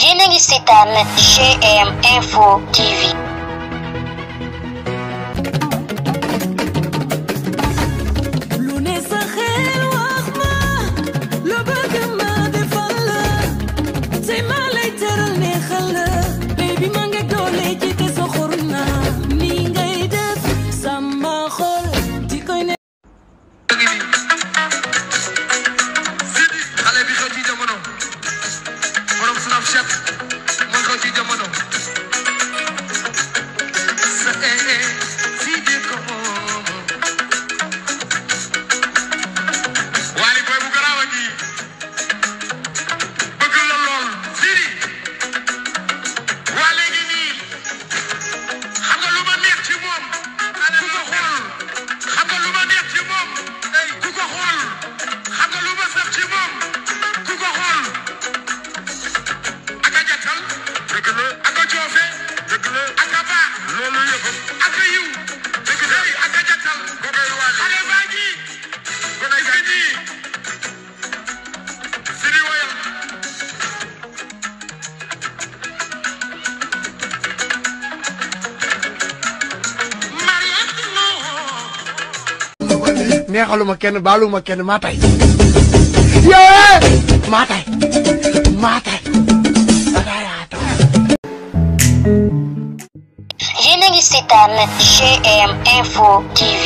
yéen a ngi seetaan GM Info TV. xale bi xëcc jamono Shep, Mono Tigamano. neexaluma kenn baaluma kenn maa tay yee eh! maa tay maa tay yéen a ngi seetaan GM Info TV